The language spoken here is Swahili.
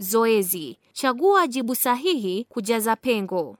Zoezi: chagua jibu sahihi kujaza pengo.